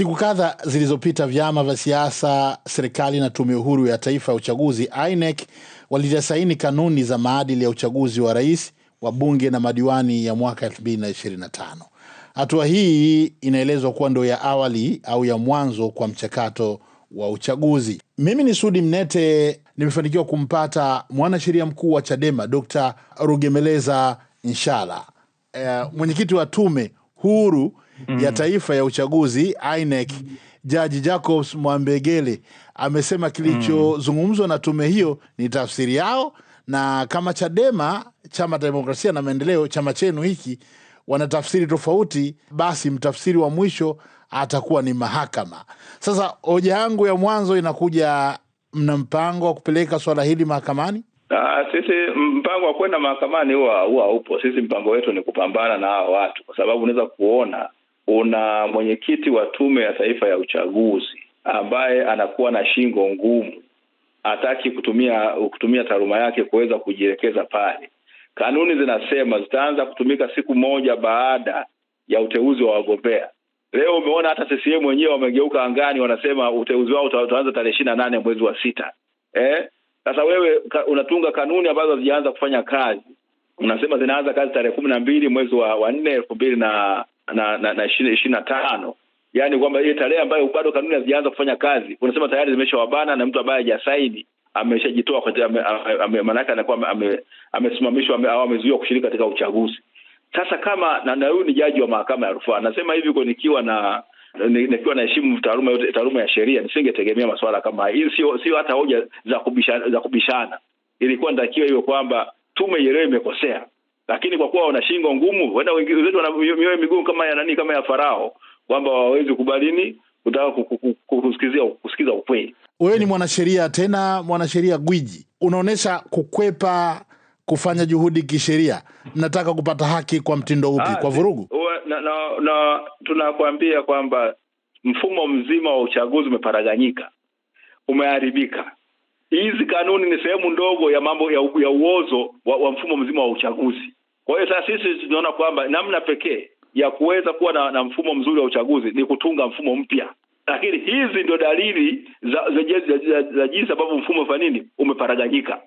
Siku kadha zilizopita vyama vya siasa, serikali na tume huru ya taifa ya uchaguzi INEC walitia saini kanuni za maadili ya uchaguzi wa rais, wa bunge na madiwani ya mwaka 2025. Hatua hii inaelezwa kuwa ndio ya awali au ya mwanzo kwa mchakato wa uchaguzi. Mimi ni Sudi Mnete, nimefanikiwa kumpata mwanasheria mkuu wa Chadema Dkt. Rugemeleza Nshala, e, mwenyekiti wa tume huru mm. ya taifa ya uchaguzi INEC mm. Jaji Jacobs Mwambegele amesema kilichozungumzwa mm. na tume hiyo ni tafsiri yao, na kama Chadema, chama cha demokrasia na maendeleo, chama chenu hiki, wana tafsiri tofauti, basi mtafsiri wa mwisho atakuwa ni mahakama. Sasa hoja yangu ya mwanzo inakuja, mna mpango wa kupeleka swala hili mahakamani? Na ah, sisi mpango wa kwenda mahakamani huwa huwa upo. Sisi mpango wetu ni kupambana na hao watu, kwa sababu unaweza kuona una mwenyekiti wa Tume ya Taifa ya Uchaguzi ambaye anakuwa na shingo ngumu, hataki kutumia kutumia taaluma yake kuweza kujielekeza pale. Kanuni zinasema zitaanza kutumika siku moja baada ya uteuzi wa wagombea. Leo umeona hata CCM wenyewe wamegeuka angani, wanasema uteuzi wao utaanza tarehe ishirini na nane mwezi wa sita. Eh? Sasa wewe ka, unatunga kanuni ambazo hazijaanza kufanya kazi, unasema zinaanza kazi tarehe kumi na mbili mwezi wa nne elfu mbili na na na, na ishirini ishirini na tano yaani kwamba ile tarehe ambayo bado kanuni hazijaanza kufanya kazi unasema tayari zimeshawabana na mtu ambaye hajasaini ameshajitoa maanake anakuwa amesimamishwa ame, ame, ame au amezuiwa kushiriki katika uchaguzi sasa kama na huyu ni jaji wa mahakama ya rufaa nasema hivi ko nikiwa na nikiwa na naheshimu taaluma yote taaluma ya sheria nisingetegemea masuala kama hii sio sio hata hoja za kubishana, za kubishana ilikuwa natakiwa hiyo kwamba tume yenyewe imekosea lakini kwa kuwa wana shingo ngumu, huenda wenzetu wana mioyo migumu kama ya nani, kama ya Farao, kwamba hawawezi kubalini kutaka kusikizia kusikiza ukweli. Wewe ni mwanasheria, tena mwanasheria gwiji, unaonyesha kukwepa kufanya juhudi kisheria. Mnataka kupata haki kwa mtindo upi? Ah, kwa vurugu? Na, na, na tunakuambia kwamba mfumo mzima wa uchaguzi umeparaganyika, umeharibika. Hizi kanuni ni sehemu ndogo ya mambo ya, ya uozo wa, wa mfumo mzima wa uchaguzi. Kwa hiyo sasa sisi tunaona kwamba namna pekee ya kuweza kuwa na, na mfumo mzuri wa uchaguzi ni kutunga mfumo mpya, lakini hizi ndio dalili za, za, za, za, za jinsi ambavyo mfumo fa nini umeparaganyika,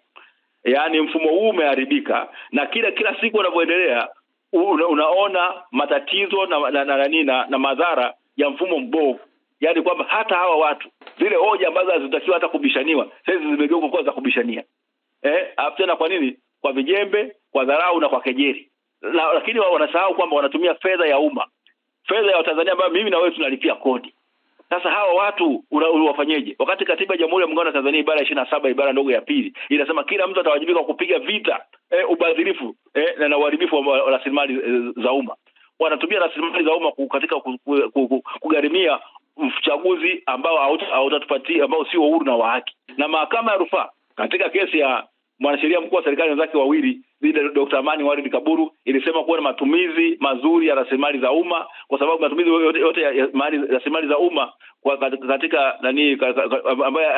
yaani mfumo huu umeharibika, na kila kila siku unavyoendelea una, unaona matatizo na na, na, na, na madhara ya mfumo mbovu, yaani kwamba hata hawa watu zile hoja ambazo hazitakiwa hata kubishaniwa sasa zimegeuka kuwa za kubishania. Eh, tena kwa nini kwa vijembe, kwa dharau na kwa kejeli la, lakini wao wanasahau kwamba wanatumia fedha ya umma, fedha ya Watanzania ambayo mimi na wewe tunalipia kodi. Sasa hawa watu uliwafanyeje? Wakati katiba ya Jamhuri ya Muungano wa Tanzania ibara ya ishirini na saba ibara ndogo ya pili inasema kila mtu atawajibika kupiga vita eh, ubadhirifu eh, na uharibifu wa rasilimali eh, za umma. Wanatumia rasilimali za umma katika kugharimia uchaguzi ambao hautatupatia, ambao sio uhuru na wa haki. Na mahakama ya rufaa katika kesi ya mwanasheria mkuu wa serikali wenzake wawili Dr. Amani warid Kaburu ilisema kuwa na matumizi mazuri ya rasilimali za umma, kwa sababu matumizi yote ya rasilimali za umma katika nani ambayo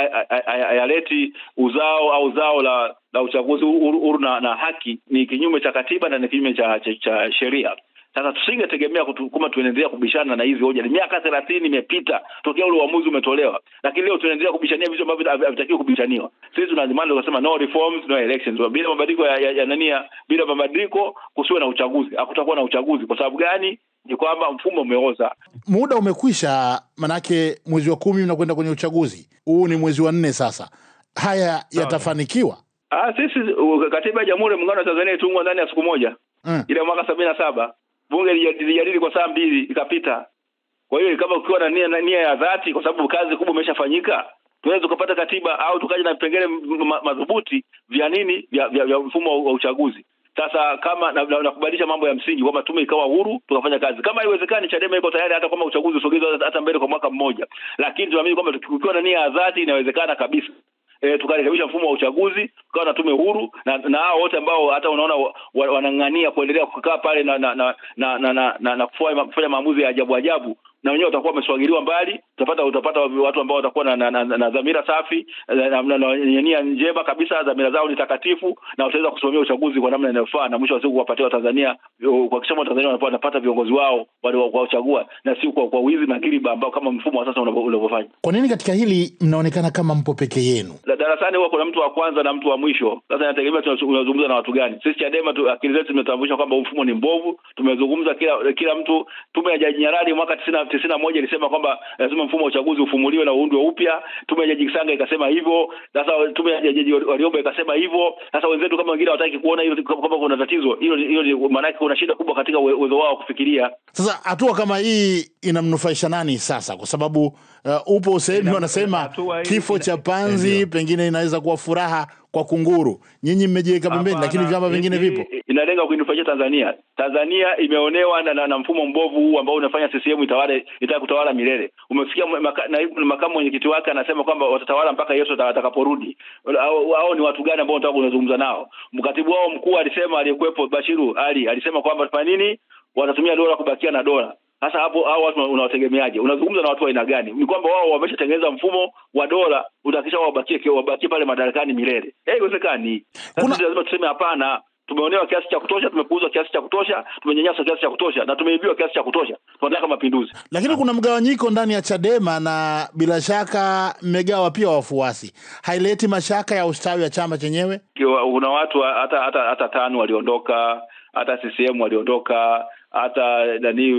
hayaleti uzao au zao la uchaguzi huru na haki ni kinyume cha katiba na ni kinyume cha sheria. Sasa tusingetegemea kama tunaendelea kubishana na hizi hoja. Ni miaka thelathini imepita tokea ule uamuzi umetolewa, lakini leo tunaendelea kubishania vitu ambavyo havitakiwa kubishaniwa. Sisi tunadhimani tukasema no reforms no elections, bila mabadiliko ya, ya, ya nania, bila mabadiliko kusiwe na uchaguzi, hakutakuwa na uchaguzi. Kwa sababu gani? Ni kwamba mfumo umeoza, muda umekwisha. Manake mwezi wa kumi unakwenda kwenye uchaguzi, huu ni mwezi wa nne sasa. Haya yatafanikiwa? Ah, sisi katiba ya Jamhuri ya Muungano wa Tanzania itungwa ndani ya siku moja mm. ile mwaka sabini na saba bunge lijadili kwa saa mbili ikapita. Kwa hiyo kama ukiwa na nia, nia ya dhati, kwa sababu kazi kubwa imeshafanyika, tunaweza tukapata katiba au tukaja na vipengele madhubuti vya nini vya, vya, vya mfumo wa uchaguzi. Sasa kama nakubadilisha na, na mambo ya msingi kwamba tume ikawa huru tukafanya kazi. Kama haiwezekani, Chadema iko tayari hata kama uchaguzi usogezwe hata mbele kwa mwaka mmoja, lakini tunaamini kwamba tukiwa na nia ya dhati inawezekana kabisa e, tukarekebisha mfumo wa uchaguzi, tukawa na tume huru na, na hao wote ambao hata unaona wanang'ania wa, wa, kuendelea kukaa pale na na na na, na, na, na, na kufanya maamuzi ya ajabu ajabu, na wenyewe watakuwa wameswagiliwa mbali. Utapata utapata watu ambao watakuwa na, na, na, na dhamira safi eh, na, na, na nia njema kabisa, dhamira zao ni takatifu, na wataweza kusimamia uchaguzi kwa namna inayofaa, na mwisho wa siku kuwapatia Watanzania kuhakikisha Watanzania wanapata viongozi wao wanaochagua na si kwa, kwa wizi na kiriba ambao kama mfumo wa sasa unavyofanya. Kwa nini katika hili mnaonekana kama mpo peke yenu? Darasani huwa kuna mtu wa kwanza na mtu wa mwisho. Sasa inategemea tunazungumza na watu gani. Sisi Chadema akili zetu zimetambulisha kwamba mfumo ni mbovu. Tumezungumza kila kila mtu, tume ya Jaji Nyalali mwaka tisini tisini na moja ilisema kwamba lazima mfumo wa uchaguzi ufumuliwe na uundwe upya. Tume ya Jaji Kisanga ikasema hivyo. Sasa tume ya Jaji Warioba ikasema hivyo. Sasa wenzetu kama wengine hawataki kuona hiyo kwamba kuna tatizo hilo, hilo maana yake kuna shida kubwa katika uwezo wao kufikiria. Sasa hatua kama hii inamnufaisha nani sasa? Kwa sababu uh, upo usemi wanasema kifo cha panzi pengine inaweza kuwa furaha kwa kunguru. Nyinyi mmejiweka pembeni, lakini vyama vingine vipo. Inalenga kuinufaisha Tanzania. Tanzania imeonewa na, na, na mfumo mbovu huu ambao unafanya CCM itawale itaka kutawala milele. Umesikia maka, makamu mwenyekiti wake anasema kwamba watatawala mpaka Yesu atakaporudi. Hao ni watu gani ambao unataka kuzungumza nao? Mkatibu wao mkuu alisema, aliyekuwepo Bashiru Ali alisema kwamba kwa nini watatumia dola kubakia na dola sasa hapo hao watu unawategemeaje? Unazungumza na watu wa aina gani? Ni kwamba wao wameshatengeneza mfumo wa dola utakisha wabakie wabakie pale madarakani milele? Eh, haiwezekani. Sasa lazima tuseme hapana, tumeonewa kiasi cha kutosha, tumepuuzwa kiasi cha kutosha, tumenyanyaswa kiasi cha kutosha na tumeibiwa kiasi cha kutosha. Tunataka mapinduzi. Lakini ah. kuna mgawanyiko ndani ya Chadema na bila shaka mmegawa pia wafuasi. Haileti mashaka ya ustawi wa chama chenyewe? Kuna watu hata hata hata tano waliondoka, hata CCM waliondoka hata nani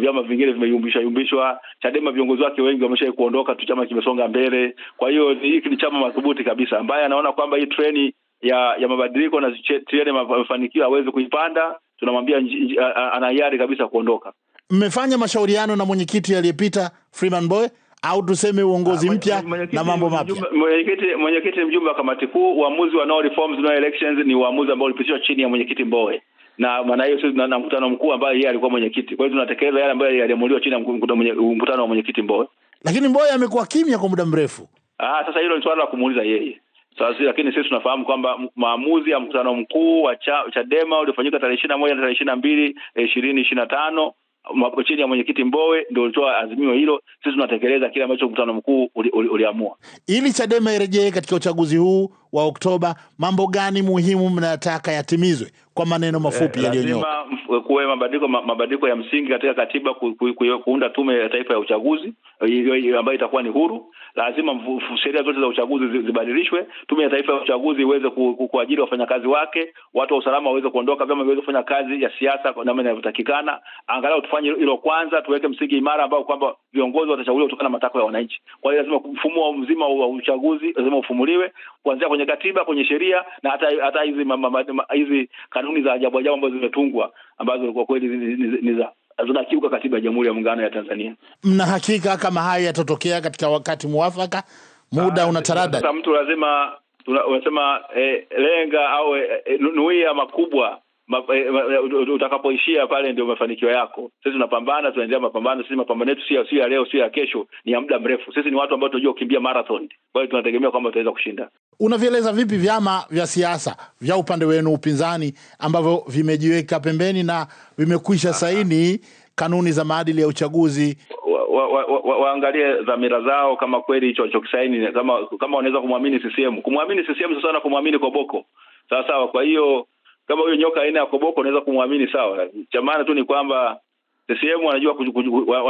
vyama vingine vimeyumbisha yumbishwa. Chadema viongozi wake wengi wamesha kuondoka tu, chama kimesonga mbele. Kwa hiyo hiki ni chama madhubuti kabisa, ambaye anaona kwamba hii treni ya ya mabadiliko na treni ya mafanikio aweze kuipanda, tunamwambia ana hiari kabisa kuondoka. Mmefanya mashauriano na mwenyekiti aliyepita Freeman Boy au tuseme uongozi ah, mpya na mambo mapya. Mwenyekiti mwenyekiti mjumbe wa kamati kuu, uamuzi wa no reforms no elections ni uamuzi ambao ulipitishwa chini ya mwenyekiti Mbowe na maana hiyo na, na mkutano mkuu ambaye yeye alikuwa mwenyekiti. Kwa hiyo tunatekeleza yale ambayo yaliamuliwa chini ya mkutano wa mwenyekiti mboe lakini mboe amekuwa kimya kwa muda mrefu. Ah, sasa hilo ni swala la kumuuliza yeye sasa, lakini sisi tunafahamu kwamba maamuzi ya mkutano mkuu wa Chadema uliofanyika tarehe ishirini na moja na tarehe ishirini na mbili eh, ishirini ishirini na tano chini ya mwenyekiti Mbowe ndio ulitoa azimio hilo. Sisi tunatekeleza kile ambacho mkutano mkuu uliamua, ili Chadema irejee katika uchaguzi huu wa Oktoba, mambo gani muhimu mnataka yatimizwe kwa maneno eh, mafupi eh, yaliyonyoka? Kuwe mabadiliko mabadiliko ya msingi katika katiba, ku, ku, ku, kuunda tume ya taifa ya uchaguzi ambayo itakuwa ni huru. Lazima sheria zote za uchaguzi zibadilishwe, tume ya taifa ya uchaguzi iweze kuajiri wafanyakazi wake, watu wa usalama waweze kuondoka, vyama viweze kufanya kazi ya siasa kwa namna inavyotakikana. Angalau tufanye hilo kwanza, tuweke msingi imara ambao kwamba viongozi watachaguliwa kutokana na matakwa ya wananchi. Kwa hiyo lazima mfumo mzima wa uchaguzi lazima ufumuliwe kuanzia kwenye kwenye katiba, kwenye sheria na hata hata hizi hizi kanuni za ajabu ajabu ambazo zimetungwa ambazo kwa kweli ni za zinakiuka katiba ya Jamhuri ya Muungano ya Tanzania. Mna hakika kama haya yatatokea katika wakati mwafaka? Muda ah, una mtu lazima unasema eh, lenga au eh, eh nuia makubwa ma, eh, eh, utakapoishia pale ndio mafanikio yako. Sisi tunapambana, tunaendelea mapambano. Sisi mapambano yetu sio ya leo, sio ya kesho, ni ya muda mrefu. Sisi ni watu ambao tunajua kukimbia marathon, kwa hiyo tunategemea kwamba tutaweza kushinda. Unavieleza vipi vyama vya siasa vya upande wenu upinzani ambavyo vimejiweka pembeni na vimekwisha saini kanuni za maadili ya uchaguzi? Waangalie wa, wa, wa dhamira zao, kama kweli hicho walichokisaini, kama kama wanaweza kumwamini CCM, kumwamini CCM sasa na kumwamini Koboko sawasawa. Kwa hiyo kama huyo nyoka aina ya koboko unaweza kumwamini sawa. Cha maana tu ni kwamba CCM wanajua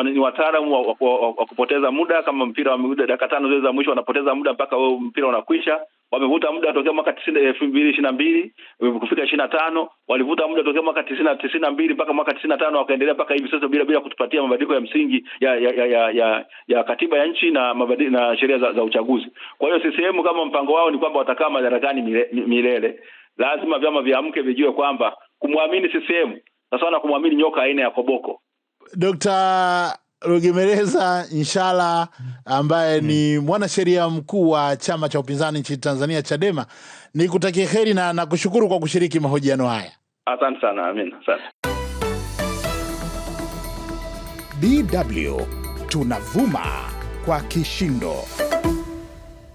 ni wataalamu wa, wa, wa, wa, wa kupoteza muda. Kama mpira wa miguu dakika tano zile za mwisho wanapoteza muda mpaka huo mpira unakwisha. Wamevuta muda tokea mwaka eh, elfu mbili ishirini na mbili kufika ishirini na tano walivuta muda tokea mwaka tisini na mbili mpaka mwaka tisini na tano wakaendelea mpaka hivi sasa bila bila kutupatia mabadiliko ya msingi ya ya ya, ya, ya, ya katiba ya nchi na mabadiliko na sheria za, za uchaguzi. Kwa hiyo CCM kama mpango wao ni kwamba watakaa madarakani milele, milele lazima vyama viamke, vijue kwamba kumwamini CCM sasa na kumwamini nyoka aina ya koboko. Dr. Rugemeleza Nshala ambaye hmm, ni mwanasheria mkuu wa chama cha upinzani nchini Tanzania Chadema, ni kutakia heri na nakushukuru kwa kushiriki mahojiano haya. Asante sana. Amina. Asante. DW tunavuma kwa kishindo.